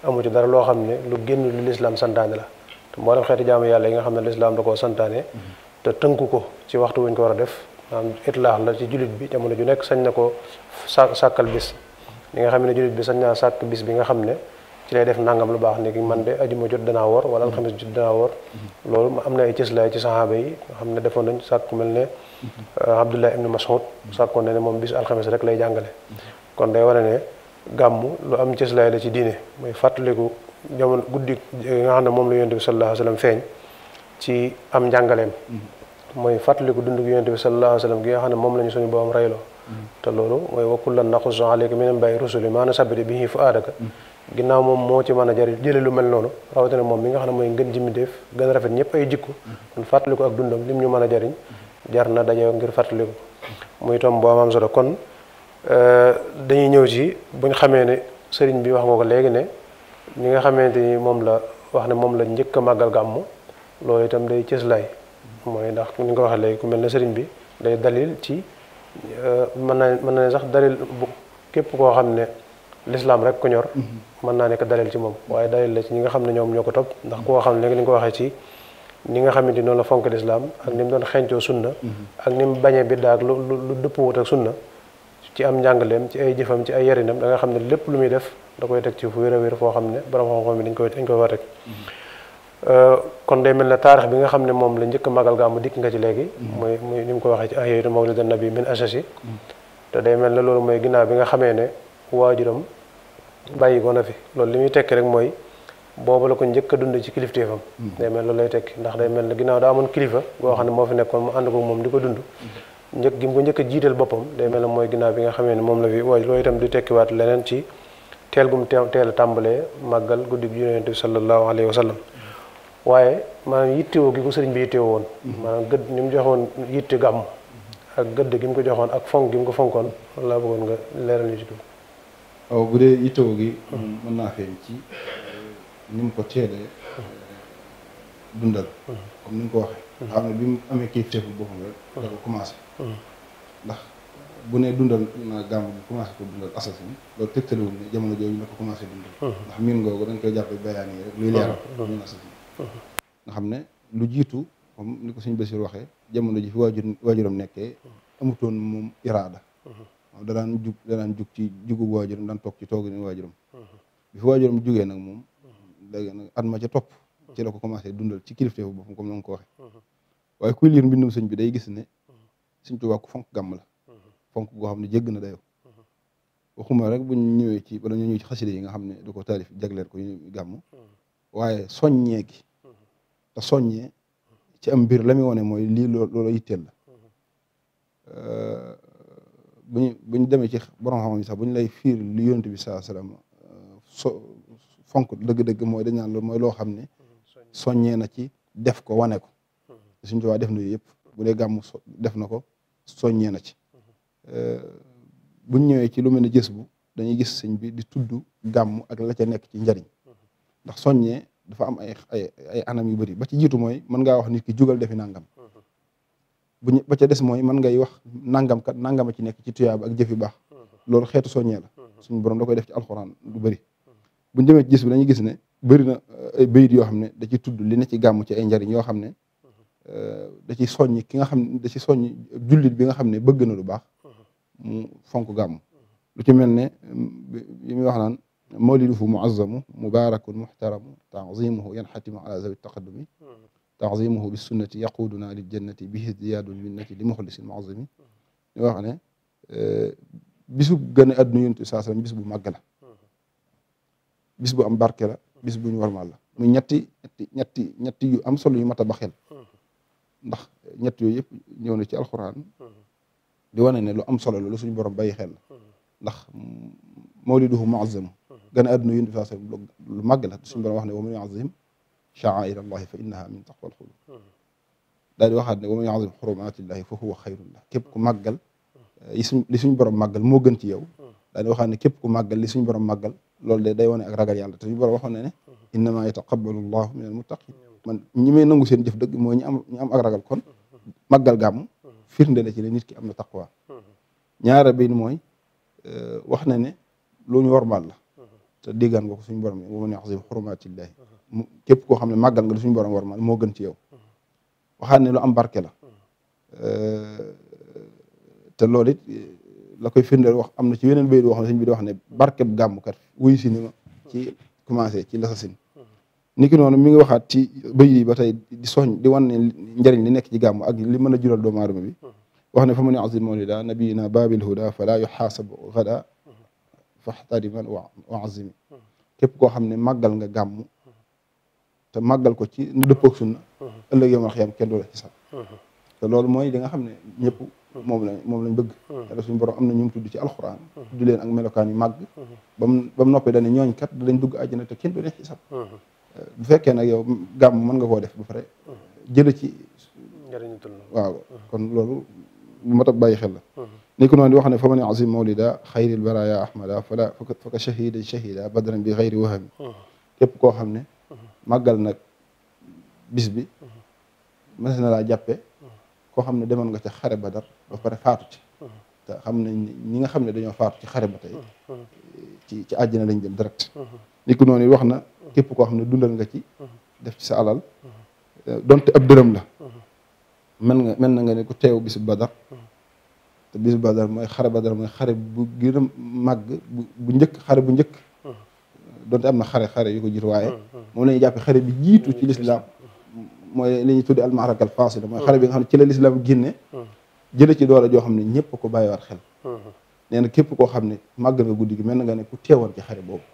amu ci dara loo xam ne lu génn lu lislaam santaane la te mboolem xeeti jaamu yàlla yi nga xam ne lislaam da koo santaane te tënku ko ci waxtu wuñ ko war a def maanaam itlaax la ci jullit bi jamono ju nekk sañ na ko sa sàkkal bis li nga xam ne jullit bi sañ naa sàkk bis bi nga xam ne ci lay def nangam lu baax léegi man de ajuma jot danaa woor wala alxamis jot danaa woor loolu am na ay cëslaay ci saxaaba yi nga xam ne defoon nañ sàkk mel ne euh, Abdullah ibnu Mas'ud sàkkoon na ne moom bis alxamis rek lay jàngale kon day wane ne gàmmu lu am cëslaay la ci diine mooy fàttaliku jamono guddi nga xam ne moom la yonent bi sallallahu alayhi wa sallam feeñ ci am njàngaleem mooy fàttaliku dund gi yonente bi sallallahu alayhi wa sallam gi nga xam ne moom la ñu suñu boobam rayloo te loolu mooy wakullan naqussu alayka min anbaa'i rusuli maa nusabbite bihi fu'aadaka ginnaaw moom moo ci mën a jëri jële lu mel noonu rawatina moom mi nga xam ne mooy ngën jimi def gën rafet ñëpp ay jikko kon fàttaliku ak dundam lim ñu mën a jariñ jar na daje ngir fàttaliku muy tom boo am solo kon euh, dañuy ñëw ci buñ xamee ne sëriñ bi wax nga ko léegi ne ñi nga xamante ni moom la wax ne moom la njëkk a màggal gàmmu loolu itam day cëslaay mooy ndax ni nga ko waxee léegi ku mel ne sëriñ bi day dalil ci euh, mën na mën naa sax dalil bu képp koo xam ne lislaam rek ko ñor mhm. mën naa nekk dalil ci moom waaye dalil la ci ñi nga xam ne ñoom ñoo ko topp ndax koo xam ne léegi ni nga ko waxee ci ni nga xamante noonu la fonk lislaam ak ni mu doon xencoo sunna mhm. ak ni mu bañee biddaa ak lu lu dëppwut ak sunna ci am njàngaleem ci ay jëfam ci ay yarinam da nga xam ne lépp lu muy def da koy teg ci fu wér a wér foo xam ne borom xam-xam bi dañ koy dañ koy war rek Euh, kon day mel ne taarix bi nga xam ne moom la njëkk magal gàmmu dikk nga ci léegi muy mm. muy ni mu ko waxee ci ahyaytu mawlida nabi min asasi mm. te day mel ne loolu mooy ginnaaw bi nga xamee ne waajuram bàyyi ko na fi loolu li muy tekki rek mooy boobu la ko njëkk a dund ci kilifteefam mm. day mel loolu lay tekki ndax day mel ne ginnaaw daa amoon kilifa goo xam ne moo fi nekkoon mu ànd ko moom di ko dund njëkk gi mu ko njëkk a jiital boppam day mel ne mooy ginnaaw bi nga xamee ne moom la fi waaj loolu itam du tekkiwaat leneen ci teel gum teel a tàmbalee màggal guddi bi yonent bi sallallahu alayhi wa sallam waaye maanaam yittewoo gi ko sëriñ bi yittewoo woon mhm. maanaam gëdd ni mu joxoon yitte gàmm mhm. ak gëdd gi mu ko joxoon ak fonk gi mu ko fonkoon loolu laa bëggoon nga leeral ñu ci dugg waaw bu dee yittewoo gi mhm. mën naa feeñ ci euh, ni mu ko teelee dundal comme ni mu ko waxee bi mu amee kii teefu ndax bu ne dundal na gàmm bi commencé ko dundal assasin loolu tegtaliwul ne jamono jooju la ko commencé dundal ndax miin googu dañ koy jàppe bayaan yi rek luy leeral ñun assasin nga xam ne lu jiitu comme ni ko sëñ Basiir waxee jamono ji fi waajur waajuram nekkee amutoon moom iraada mm-hmm. da daan jug da daan jug ci jugu waajuram daan toog ci toog ni waajuram mm-hmm. bi fi waajuram jugee nag moom léegi mm-hmm. nag at ma ca topp ci la ko commencé dundal ci kilifteefu boppam comme ni ko waxee waaye kuy liir mbindum sëñ bi day gis ne sëñ Tuubaa ku fonk gàmm la fonk goo xam ne jégg na dayoo waxuma rek buñ ñëwee ci wala ñu ñëw yi nga xam ne da ko taalif jagleel ko ñu gàmm waaye soññee gi te soññee ci am mbir la muy wane mooy lii loolu yitteel la bu demee ci borom xam sax bu ñu lay fiir li yonent so fonk dëgg-dëgg mooy dañ naan loolu loo xam ne soññee na ci def ko wane ko suñu tubaab def na yooyu yëpp bu dee gàmm def na ko soññee na ci buñ ñëwee ci lu mel ne gis bu dañuy gis sëñ bi di tudd gàmm ak la ca nekk ci njariñ ndax soññee dafa am ay ay anam yu bëri ba ci jiitu mooy mën nga wax nit ki jugal defi nangam bu ba des mooy mën ngay wax nangam kat nangama ci nekk ci tuyaaba ak jëf yu baax loolu xeetu soññee la suñu borom da koy def ci alxuraan lu bëri bu ñu demee bi dañuy gis ne bëri na ay bayit yoo xam ne da ci tudd li ci gàmm ci ay njariñ yoo xam ne euh, da ci soññ ki nga xam ne da ci soññ jullit bi nga xam ne bëgg na lu baax mu fonk gàmm lu ci mel ne yi mm, muy wax naan mu mawliduhu muazzamu mubarakun muhtaramu tanzimuhu yanxatimu ala zawi taqaddumi tanzimuhu bi sunnati yaquduna lil jannati bihi ziyadul minnati li muxlisin muazzimi ñu wax ne eh, bisu gën a adduna yonent saa sallam bis bu màgg la bis bu am barke la bis bu ñu warmaal la muy ñetti ñetti ñetti ñetti yu am solo yu mat a baxel ndax ñett yooyu yëpp ñëw na ci alxuraan di wane ne lu am solo la lu suñu borom bàyyi xel la ndax mawliduhu muazzamu gën a adduna yonent bi lu màgg la suñu borom wax ne wa man yu'azzim sha'a'ira allahi fa innaha min taqwal qulub daal di waxaat ne wa man yu'azzim hurumatillahi fa huwa xayrun la képp ku màggal yi eh, suñ li suñ borom màggal moo gën ci yow daal di waxaat ne képp ku màggal li suñ borom màggal loolu de day wane ak ragal yàlla te suñu borom waxoon na ne innama yataqabbalu llahu min almuttaqin man ñi may nangu seen jëf dëgg mooy ñi am ñi am ak ragal kon màggal gàmm firnde la ci ne nit ki am na taqwa ñaara bi mooy eh, wax na ne lu ñu warmaal la ta déggaan nga ko suñu borom wa man yaxzim koo xam ne màggal nga du suñu borom war ma moo gën ci yow waxaat am barke la te loolit it la koy firndeel wax am na ci yeneen béy wax ne suñ bi di wax ne barkeb gàmmkat wuyu si ni ma ci commencé ci lasasin ni mi ngi waxaat ci béy yi ba tey di soñ di wan ne njëriñ li nekk ci gàmm ak li mën a jural doomu aadama bi wax ne fa mu ne azim mawlida nabiyina babil huda fala yuxaasab gada wa faxtariman waazimi hmm. képp koo xam ne màggal nga gàmm te màggal ko ci nu dëppoog sunna hmm. ëllëg yomal xiyam kenn du xisab hmm. te loolu mooy li nga xam ne ñëpp moom lañ moom lañ bëgg te suñu am na ñu mu tudd ci alxuraan tudd leen ak melokaan yu màgg bam ba mu noppee dañ ñooñ kat danañ dugg àjjana te kenn du xisab eh, bu fekkee nag yow gàmm mën nga koo def ba pare jële ci njëriñu waaw kon loolu lu mat a xel ni ko noonu di wax ne fa man azim mawlida xayril baraya ahmada fala faka shahida shahida badran bi xayri wahami képp koo xam ne màggal nag bis bi mës na laa jàppe koo xam ne demoon nga ca xare ba pare faatu ci xam ne ñi nga xam ne dañoo faatu ci xare ba tey ci ci àjjana lañ jëm direct ni ko noonu wax na képp koo xam ne dundal nga ci def ci sa alal donte ab dërëm la mën nga mën na nga ne ku teew bisu badar te bis badar mooy xare badar bu gën a màgg bu njëkk xare bu njëkk donte am na xare xare yu ko jiitu waaye moom la jàpp xare bi jiitu ci lislaam mooy li ñuy tuddi almaaraka al faasila mooy xare bi nga xam ne ci la lislaam génne jële ci doole joo xam ne ñëpp ko bàyyiwaat xel nee na képp koo xam ne màgg nga guddi gi mel na nga ne ku teewoon ci xare boobu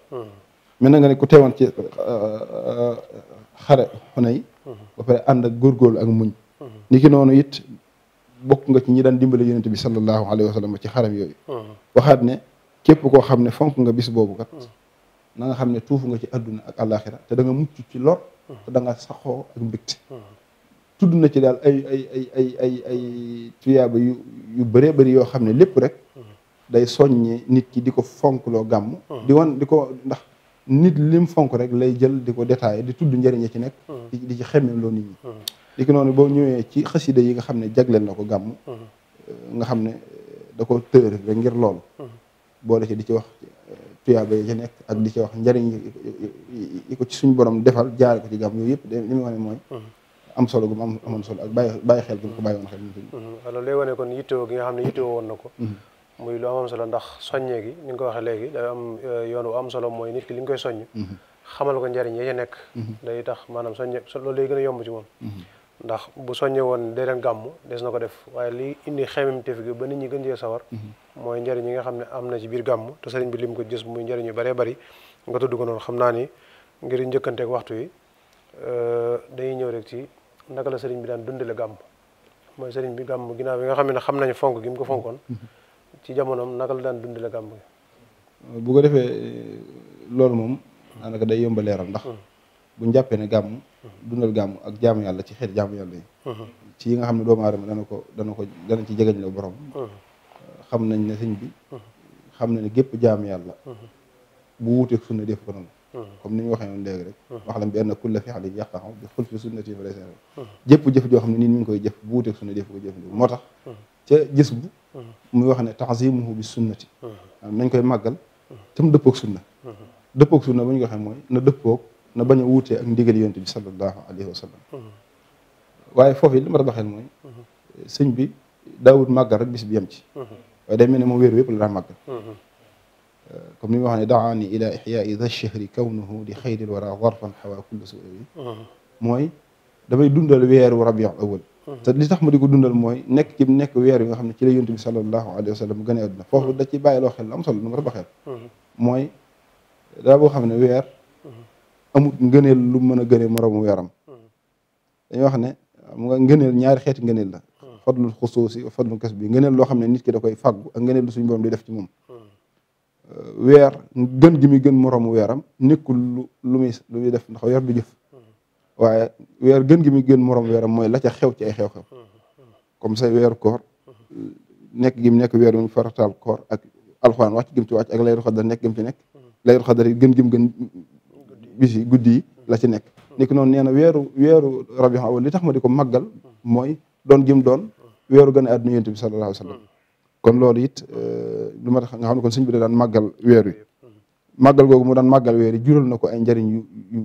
mel na nga ne ku teewoon ci euh, euh, xare xunay ba pare ànd ak góorgóorlu ak muñ ni noonu it bokk nga ci ñi daan dimbale yonent bi sallallahu alayhi wa sallam ci xaram yooyu hmm. waxaat ne képp koo xam ne fonk nga bis boobu kat hmm. na nga xam ne tuufu nga ci àdduna ak àllaaxira te danga nga mucc ci lor hmm. te da nga saxoo ak mbégte tudd na ci daal ay ay ay ay ay ay tuyaaba yu yu bari yoo xam ne lépp rek day soññe nit ki di ko fonkloo gàmm di wan di ko ndax nit lim fonk rek lay jël di ko détaillé di tudd njëriñ ci nekk di ci xemmem loo nit ñi li ki noonu boo ñëwee ci xasida yi nga xam ne jagleel na ko gàmm mhm. nga xam ne eh, da ko tër rek ngir lool mhm. boole ci di ci wax eh, tuyaaba yi ci nekk ak di ci wax njariñ yi ko ci suñu borom defal jaare ko ci gàmm yooyu yëpp li muy wane mooy mhm. am solo gu mu am amoon solo ak bàyyi bàyyi xel gi mu ko bàyyi woon xel mu loolu lay nga xam ne yittewoo woon na ko muy lu am solo ndax soññee gi ni nga ko waxee léegi day am eh, solo mooy nit ki li nga koy soññ xamal ko njariñ yi ci nekk day tax maanaam soññe loolu lay gën yomb ci moom ndax bu soññe woon dee leen gàmmu des na ko def waaye lii indi xememteef gi ba nit ñi gën cee sawar mhm. mooy njëriñ yi nga xam ne am na ci biir gàmmu te sëriñ bi lim ko gis muy njëriñ yu bëree bëri nga tudd ko noonu xam naa ni ngir njëkkanteek waxtu yi euh, dañuy ñëw rek ci naka la sëriñ bi daan dundale gàmm mooy sëriñ bi gàmm ginnaaw bi nga xam ne xam nañu fonk gi mu ko fonkoon mhm. Mhm. ci jamonoom naka la daan dundale gàmm gi bu ko defee loolu moom daanaka day yomba leeral ndax hmm. bu ñu jàppee ne gàmm dundal gàmm ak jaamu yàlla ci xeet jaamu yàlla yi uh-huh. ci yi nga xam ne doomu aadama dana ko dana ko dana ci jegeñ la borom uh-huh. xam nañ ne sëñ bi uh-huh. xam na ne gépp jaamu yàlla bu wuuteeg sunna def ko noonu comme ni ñu waxee noonu léegi wax lam bi anna kulla fi'lin yaqa'u bi xulfi sunnati fa laysa jëpp joo xam ne nit mi ngi koy jëf bu wuuteeg sunna def ko jëf moo tax ca gis bu muy wax ne ta'zimuhu bi sunnati nañ koy màggal tam dëppoog sunna dëppoog sunna bu ñu ko waxee mooy na dëppoog na bañ a wuutee ak ndigal yonent bi sallallahu alayhi wa sallam waaye foofu li ma la waxee mooy sëñ bi daawut màggal rek bis bi yem ci waaye day mel ne moom wéeru yëpp la daa màggal comme ma wax ne daani ila ixyaai da chahri kawnuhu li xayril wara warfan xawa kullu suuri mooy damay dundal weeru rabiul awal te li tax ma di ko dundal mooy nekk ci nekk weer yi xam ne ci la yonent bi sallallahu alayhi wa sallam gën a foofu da ci bàyyi loo xel lu am solo lu ma la waxee mooy daa xam ne weer amut ngëneel lu mën a gëne moromu yaram dañuy wax ne xam nga ngëneel ñaari xeet ngëneel la fadlul xusuusi fadlul kas bi ngëneel loo xam ne nit ki da koy fàggu ak ngëneel lu suñu borom di def ci moom euh, weer gën gi muy gën moromu weeram nekkul lu lu muy lu muy def ndax weer du jëf waaye weer gën gi muy gën moromu weeram mooy la ca xew ci ay xew-xew comme say weeru koor nekk gi nekk weer wi farataal koor ak alxuraan wàcc gëm ci wàcc ak layru xadar nekk gëm ci nekk layru xadar yi gën gëm gën bis yi guddi yi la ci nekk ni ki noonu nee na weeru weeru rabiul li tax ma di ko màggal mooy doon gim doon weeru gën a àdduna yonent bi sallallahu alayhi kon loolu it euh, lu ma tax nga xam ne kon sëñ bi da daan maggal weer wi màggal googu mu daan màggal weer yi na ko ay njëriñ yu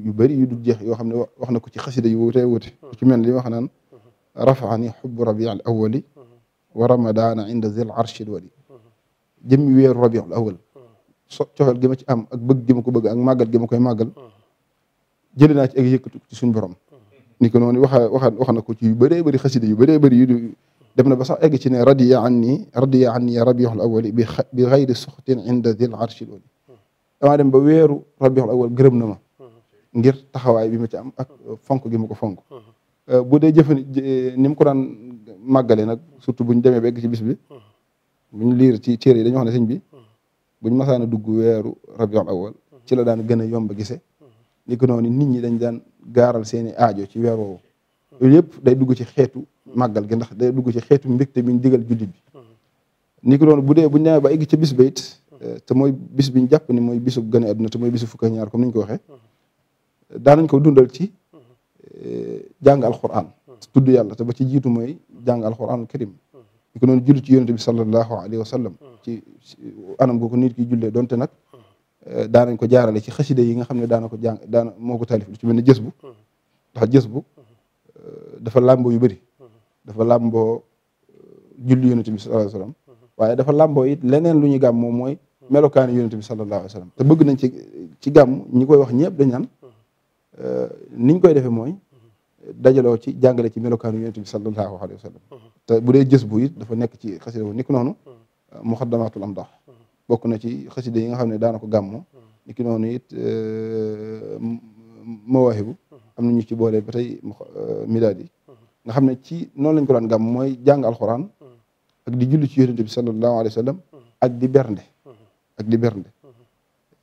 yu bëri yu dul jeex yoo xam ne wax na ko ci xasida yu wutee wute ci mel li wax naan rafaani xubbu rabiul awwali wa ramadaana inda zil arshil wali jëmmi weeru rabiul awwal so cofeel gi ma ci am ak bëgg gi ma ko bëgg ak màggal gi ma koy màggal jëlee naa ci ak yëkkatu suñu borom ni ko noonu waxa wax na ko ci yu bëree bëri xasida yu bëree bëri yu dem na ba sax egg ci ne radiya anni radiya anni rabiul awali bi bi xayri suxtin inda dil arshil oli damaa dem ba weeru rabiul awal na ma ngir taxawaay bi ma ci am ak fonk gi ma ko fonk euh, bu dee jëfan ni mu ko daan màggale nag surtout buñ demee ba egg ci bis bi buñ liir ci téere yi dañu wax ne sëñ bi buñ masaan a dugg weeru rabiul awal ci la daan gën a yomb gise ni ko noonu nit ñi dañ daan gaaral seeni aajo ci weer woowu loolu yëpp day dugg ci xeetu màggal gi day dugg ci xeetu mbégte biñ digal jullit bi ni ko noonu bu dee buñ demee ba egg ca bis ba it te mooy bis biñ jàpp ni mooy bisu gën a àdduna te mooy bisu fukk ñaar comme ni ñu ko waxee daanañ ko dundal ci eh, jàng alquran tudd yàlla te ba ci jiitu mooy jàng alquran karim ki noonu julli ci yonente bi sallallahu alayhi wa sallam hmm. ci anam googu nit ki jullee donte nag hmm. eh, daanañ ko jaarale ci xasida yi nga xam ne daana ko jàng daana moo ko taalif lu ci mel ne jës bu hmm. ndax eh, dafa làmboo yu bëri dafa làmboo eh, julli yonente bi sallallahu alayhi wa waaye dafa làmboo it leneen lu ñuy gàmm moom mooy melokaani yonente bi sallallahu alayhi wa te bëgg nañ ci ci gàmm ñi koy wax ñëpp dañ naan niñ koy defee mooy dajaloo ci jàngale ci melokaanu yonent bi sallallahu alayhi wa sallam te bu dee jës bu it dafa nekk ci xasida wu niki noonu muxaddamatul na ci xasida yi nga xam ne daana ko gàmmo niki noonu it euh, mawaahibu am na ñu ci boole ba tey euh, midaad yi nga xam ne ci noonu lañ ko daan gàmm mooy jàng alxuraan ak di julli ci yonent bi sallallahu alayhi wa sallam ak di bernde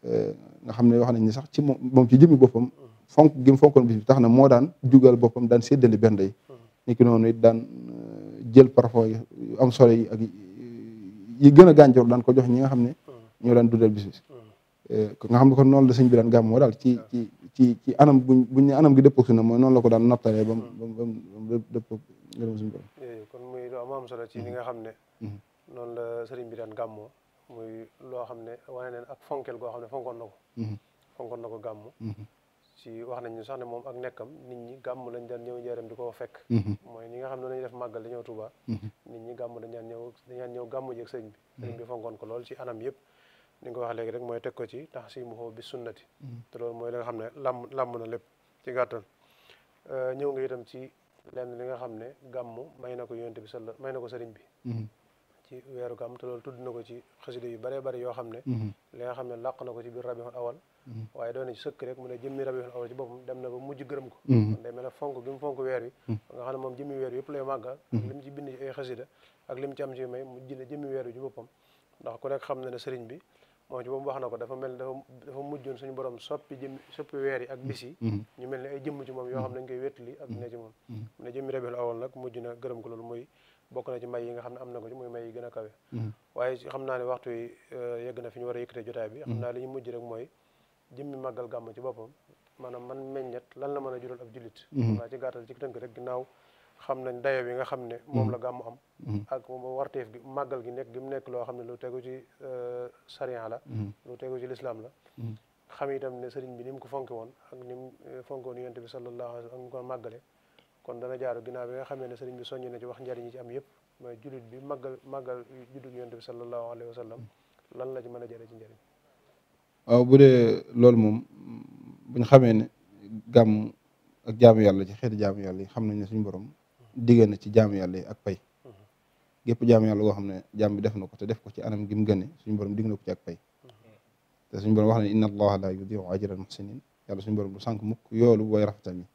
euh, nga xam ne wax nañ sax ci moom ci jëmmi boppam fonk gi mu fonkoon bis bi tax na moo daan jugal boppam daan séddali bernde yi hmm. ni ki noonu it daan euh, jël parfois yu am solo yi ak yi gën a gànjoor daan ko jox ñi nga xam ne hmm. ñoo daan dundal bis bi hmm. euh, nga xam ne kon noonu la bi daan gàmmoo daal ci ci ci ci anam buñ buñ anam gi dëppoo na mooy noonu la ko daan nattalee bam bam bam dëppoo eh, muy lu am am solo ci li nga xam ne noonu la sëriñ bi daan gàmmoo muy loo xam ne wane neen ak fonkel goo xam ne fonkoon na ko fonkoon na ko gàmmu ci wax nañ ñu sax ne moom ak nekkam nit ñi gàmmu lañ daan ñëw njaareem di ko fekk mhm. mooy ñi nga xam ne dañuy def màggal dañoo Tuuba mhm. nit ñi gàmm dañ daan ñëw dañ daan ñëw gàmm jeeg sëriñ bi mhm. sëriñ bi fonkoon ko lool ci anam yëpp ni nga ko wax léegi rek mooy teg ko ci tax si mu xoo bi sunnati te loolu mooy li nga xam ne làmm làmm na lépp ci gàttal äh, ñëw nga itam ci lenn li nga xam ne gàmm may na ko yonent bi salla may na ko sëriñ bi ci weeru gàmm te loolu tudd na ko ci xasida yu baree bari yoo xam ne li nga xam ne làq na ko ci biir rabiul awal Mm-hmm. waaye doon na ci sëkk rek mu ne jëmmi rabiul awal ci boppam dem na ba mujj gërëm mm-hmm. mm-hmm. moom jëmmi weer wi yëpp lay màggal li mu ci bind ci ay xasida ak am may mu jënd jëmmi weer wi ci boppam ndax ku nekk xam na ne sëriñ bi moom ci wax na ko dafa mel ne dafa dafa mujjoon suñu borom soppi jëmmi weer yi ak bis yi mel ne ay jëmm ci moom yoo xam ne dañ koy wéttali ak ne ci moom mu ne jëmmi rabiul nag mujj na gërëm ko loolu mooy bokk na ci may yi nga xam ne am na ko ci muy may yi gën a kawe waaye xam naa ne waxtu yi euh, yegg na fi ñu war a yëkkatee jotaay bi xam naa li ñu mujj rek mooy jëmmi màggal gàmm ci boppam maanaam man meññet lan la mën a jural ab jullit laa mhm. ci gàttal ci tënk rek ginnaaw xam nañ dayo bi nga xam ne moom la mhm. gàmmu am mhm. ak warteef gi màggal gi nekk gi mu nekk loo xam ne lu tegu ci euh, sariya la lu tegu ci lislaam la xam itam ne sëriñ bi ni mu ko fonke woon ak ni mu euh, fonke woon yonent bi sallallahu alayhi wa sallam màggale kon dana jaaru ginnaaw bi nga xamee ne sëriñ bi soññi na ci wax njariñ yi ci am yëpp mooy jullit bi màggal màggal juddug yonent bi sallallahu alayhi wa sallam lan la ci mën a jëre ci njariñ waaw bu dee loolu moom bu ñu xamee ne gàmm ak jaamu yàlla ci xeeti jaamu yàlla yi xam nañ ne suñu borom diggée na ci jaamu yàlla yi ak pay gépp jaamu yàlla goo xam ne jaam bi def na ko def ko ci anam gi mu suñu borom digg na ko ci ak pay te suñu borom wax ne inna allaha la yudiu ajral muhsinin yàlla suñu borom du sànq mukk yoolu booy rafetal yi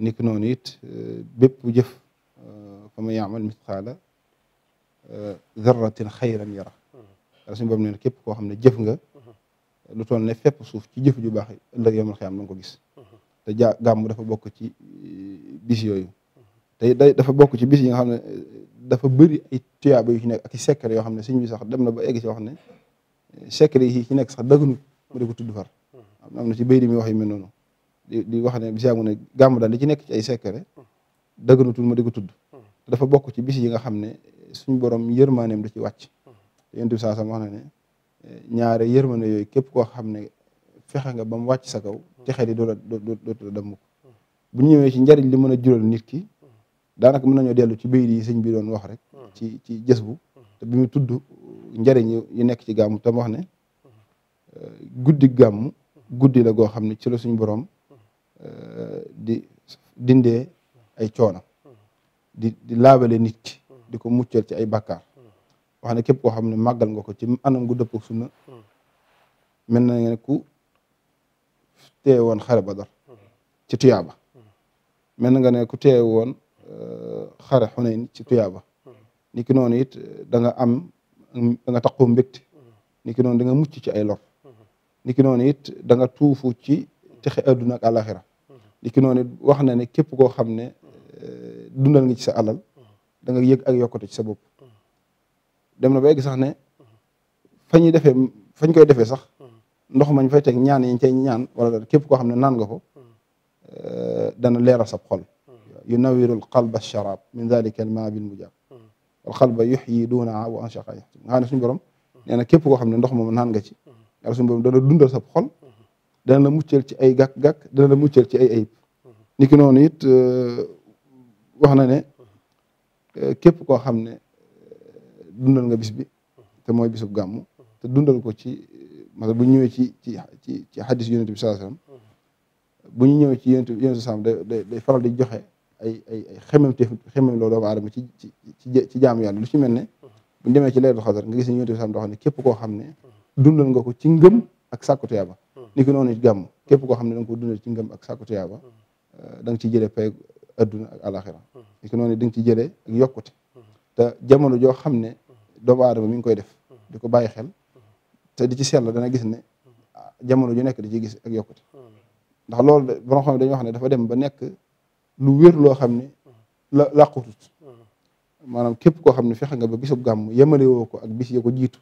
ni ki noonu it bépp jëf ma yaamal mithqaala zarratin xayran yara yàlla suñu képp koo xam ne jëf nga lu toll ne fépp suuf ci jëf ju baax yi ëllëg ko gis te ja gàmm dafa bokk ci eh, bis yooyu te day dafa bokk ci bis yi nga xam ne eh, dafa bëri ay tuyaaba yu ci nekk ak i yoo xam ne sëñ bi sax dem na ba egg wax ne eh, secret yi ci nekk sax dëggnut mu di ko tudd far am na ci béy di mi wax yu noonu di wax ne bis gàmm daal li ci nekk ci ay secret dëggnutul ma di ko bokk ci bis yi nga xam ne suñ borom yërmaaneem da ci wàcc te yonent bi saa sax wax ne ñaare yërmande yooyu képp koo xam ne fexe nga ba mu wàcc sa kaw texe di doola dootula dem ko ñëwee ci njariñ li mën a jural nit ki daanaka mën nañoo dellu ci bayit yi sëñ bi doon wax rek ci ci jës bu te bi mu tudd njariñ yu nekk ci gàmm tam wax ne euh, guddi gàmm guddi la goo xam ne ci la suñu borom euh, di dindee ay coono di laabale nit ki di ko muccal ci ay bakkaar wax ne képp koo xam ne màggal nga ko ci anam gu dëpp sunna mel na nga ne ku teewe woon xare Badar ci tuyaaba mel na nga ne ku teewe woon euh, xare Xunayn ci tuyaaba ni ki noonu it euh, da nga am da nga taqoo mbégte ni ki mucc ci ay lor ni ki noonu ci texe adduna ak àlaxira ni ki noonu it wax na ne képp koo xam ne euh, dundal nga ci sa alal da nga yëg ak yokkute ci sa bopp dem na ba egg sax ne fa ñuy defee fañ koy defee sax ndox mañ fa teg ñaan yi cay ñaan wala képp koo xam ne naan nga ko euh, dana leeral sab xol yunawiru al qalba alsharab min dalika al ma bil mujab wal qalba yuxyi duuna wa anshaqa nga xam ne suñu borom nee na képp koo xam ne ndox ci yàlla suñu borom dana dundal sab xol dana la muccal ci ay gàkk-gàkk dana la ci ay ayib niki noonu euh, ne euh, képp koo xam ne dundal nga bis bi te mooy bisub gàmm te dundal ko ci bi sallallahu alayhi wasallam bu ñu ñëwee ci yonent yonent sallam day di joxe ay ay ay xemem te xemem loolu doomu aadama ci ci ci jaamu yàlla lu ci mel ne bu ñu demee ci leeru xadar nga gis ne yonent bi sallam doo xam ne képp koo xam ne dundal nga ko ci ngëm ak sàkku tuyaaba ni ko noonu gàmm képp da nga ko dundal ci ngëm ak euh, da nga ciy jëlee pay adduna ak alaxira ni ko da nga ciy yokkute te jamono joo xam ne doomu aadama mi ngi koy def di ko bàyyi xel te di ci seetlu dana gis ne jamono ju nekk di ci gis ak yokkute ndax loolu borom xam ne dañuy wax ne dafa dem ba nekk lu wér loo xam ne la làqutut maanaam koo xam ne fexe nga ba bisub gàmm yemale woo ko ak bis yi ko jiitu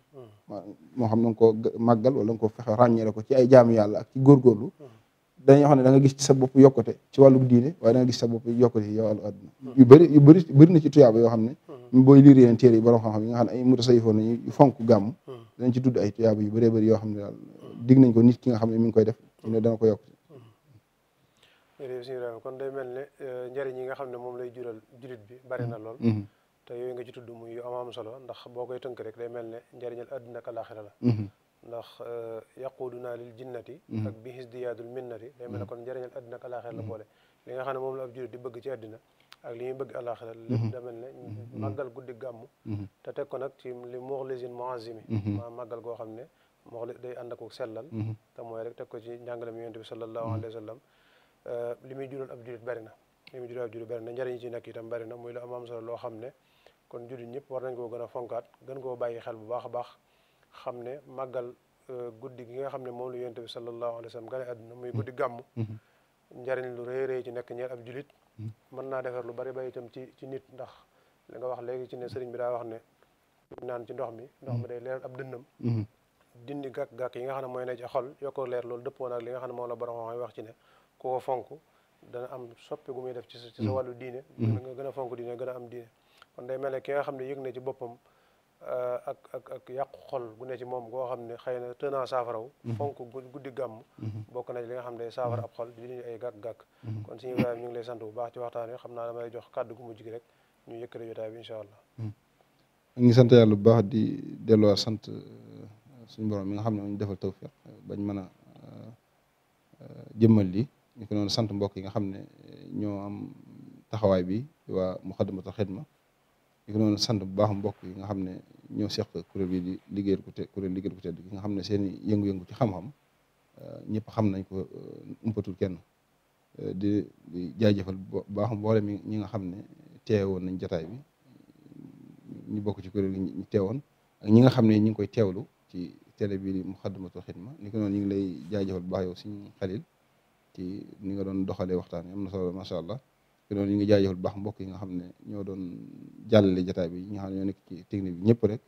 moo xam na nga ko màggal wala ko fexe ràññeele ko ci ay jaamu yàlla ak ci góorgóorlu dañuy wax ne da nga gis ci sa bopp yokkute ci wàllu diine waaye da gis sa bopp yokkute yow wàllu àdduna yu bëri yu bëri na ci tuyaaba yoo xam ne booy liir yeneen téere yi borom xam-xam yi nga xam ne ay mutasawifoon nañu fonk gàmm dañ ci tudd ay yu bëree bëri yoo xam ne daal dig nañ ko nit ki nga xam ne mi ngi koy def ne dana ko kon day mel ne euh, njëriñ yi nga xam ne moom lay jural julit bi bari na lool mm-hmm. te yooyu nga ci tudd muy yu am solo ndax boo koy tënk rek day mel ne njëriñal àddina ak alaaxira la mm-hmm. ndax euh, yaquuduna lil jinnati mm-hmm. ak bihis diyaadul minnati day mel ne kon njëriñal àddina ak alaaxira la boole li nga xam ne moom la ab julit di bëgg ci àddina ak li ñu bëgg àlaxira mhm. lépp demel ne mhm. màggal guddi gàmm mhm. te teg ko nag ci li muxlisin muazimi maa màggal goo xam ne mox li day ànd ak sellal te mooy rek teg ko ci njàngale mi yonent bi sallallahu alayhi wa sallam euh, li muy jural ab julit bari na li muy jural ab julit bari na njëriñ ci nekk itam bari na muy lu am solo loo xam ne kon julit ñëpp war nañ koo gën a fonkaat gën koo bàyyi xel bu baax a baax xam ne màggal euh, guddi gi nga xam ne moom la yonent bi sallallahu alayhi wa sallam gane àdduna muy guddi gàmm njariñ lu rëy rëy ci nekk ñeel ab julit mën naa defar lu bari ba itam ci ci nit ndax li nga wax léegi ci ne sëriñ bi daa wax ne naan ci ndox mi ndox mi mm. day leer ab dënnam mm. dindi gàkk-gàkk yi nga xam ne mooy na ci xol yokko leer loolu dëppoo ak li nga xam ne moom la borom wax ci ne koo ko fonk dana am soppi gu muy def ci sa ci mm. wàllu diine nga gën a fonk diine gën a am diine kon day mel ne ki nga xam ne yëg na ci boppam Euh, ak ak ak yàqu xol gu ne ci moom goo xam ne xëy na tënaa saafaraw mhm. fonk guddi gàmm mhm. bokk na ci li nga xam ne saafara mhm. ab xol di li ñu ay gàkk-gàkk kon suñu Ibrahima ñu ngi lay sant bu baax ci waxtaan xam naa damay jox kàddu gu mujj gi rek ñu yëkkati jotaay bi incha allah ñu ngi sant yàlla bu baax di delloo sant euh, suñ borom mi nga xam ne ñu defal tawfiq bañ mën a euh, jëmmal li ñu ko noonu sant mbokk yi nga xam ne ñoo am taxawaay bi waa Muxaddamatul Xidma li ko noonu sant bu baax mbokk yi nga xam ne ñoo seq kuréel bi di liggéeyal ku te kuréel liggéeyal ku tedd gi nga xam ne seeni yëngu-yëngu ci xam-xam euh, ñëpp xam nañ ko euh, umpatul kenn euh, di di jaajëfal bu baax mi ñi nga xam ne teewoon nañ jataay bi ñu bokk ci kuréel gi teewoon ñi nga xam ne ñu ngi koy teewlu ci télé bii di Muxaddamatul Xidma ni ko noonu ñu ngi lay jaajëfal bu baax yow suñu xalil ci ni nga doon doxalee waxtaan am na solo macha allah. te loolu ñu ngi jaajëfal bu baax mbokk yi nga xam ne ñoo doon jàllale jotaay bi ñi nga xam ne ñoo nekk ci technique bi ñëpp rek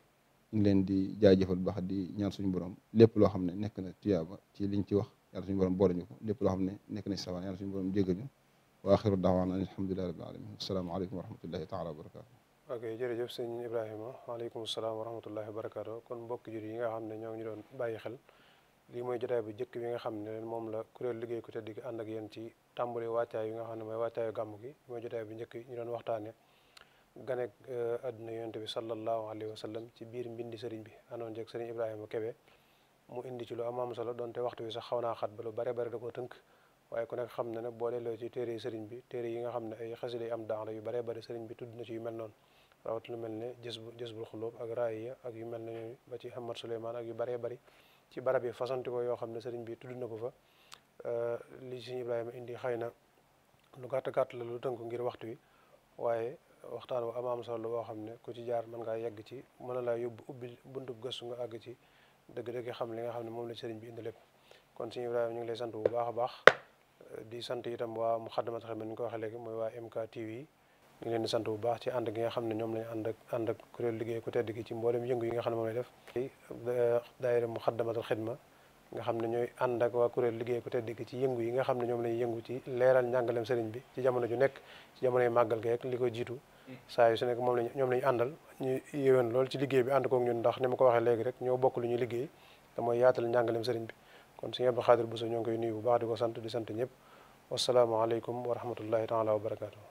leen di jaajëfal bu baax di ñaan suñu borom lépp loo xam ne nekk na tuyaaba ci liñ ci wax yàlla suñu borom boole ñu lépp loo xam ne nekk na ci sawaan yàlla suñu borom jéggal ñu wa axiru daawaana alhamdulillahi rabbil alamin assalaamu aleykum wa rahmatullahi taala wa barakatu ok jërëjëf sëñ kon mbokk jur yi nga xam ne ñoo ñu doon bàyyi xel lii mooy jotaay bi njëkk bi nga xam ne moom la kuréel liggéey ku tedd gi ànd ak yéen ci tàmbali wàccaay yi nga xam ne mooy wàccaayu gàmm gi mooy jotaay bu njëkk ñu doon waxtaane ganek euh, àdduna yonent bi sallallahu alayhi wa sallam ci biir mbindi sëriñ bi anoon jeeg sëriñ Ibrahima Kebe mu indi ci lu am am solo donte waxtu wi sax xaw naa xat ba lu bare bare da koo tënk waaye ko nekk xam ne nag boo delloo ci téere sëriñ bi téere yi nga xam ne ay xasida yi am daan yu bare bare sëriñ bi tudd na ci yu mel noonu rawat lu mel ne jës bu jës bul xulóob ak raaya ak yu mel ne ba ci Ahmad Souleymane ak yu bare bari ci barab yi fasanti ko yoo xam ne sëriñ bi tudd na ko fa eh, li sëriñ Ibrahima indi xay na lu gàtt gàtt la lu ko ngir waxtu wi waaye waxtaan wu am solo boo xam ne ku ci jaar man ngaa yegg ci mën na laa yóbbu ubbi bu gëstu nga àgg ci dëgg-dëgg xam li nga xam ne moom la sëriñ bi indi lépp kon sëriñ Ibrahima ñu ngi lay sant bu baax a baax eh, di sant tam waa Moukhaddamatoul Khidma ni ñu ko waxee léegi mooy waa MK yi ñu leen di sant bu baax ci ànd gi nga ne ñoom lañu ànd ak ànd ak kuréel liggéey ku tedd gi ci xam ne moom lay euh, nga xam ne ñooy ànd ak waa kuréel liggéey ku tedd ci yëngu yi nga ne ñoom lañuy yëngu ci leeral njàngalem sëriñ bi ci jamono ju nekk jamonoy màggal gi ak ko jiitu saa yu moom lañ ñoom lañu àndal ñu yéwén lool ci liggéey bi ànd kook ñun ndax ni ma ko waxee léegi rek ñoo bokk lu ñuy liggéey te yaatal njàngalem sëriñ bi kon Sëriñ Abdou Khadir Bousso ñoo ngi koy nuyu bu baax di ko sant di sant ñëpp wasalaamaaleykum wa rahmatullahi taala wa barakatuh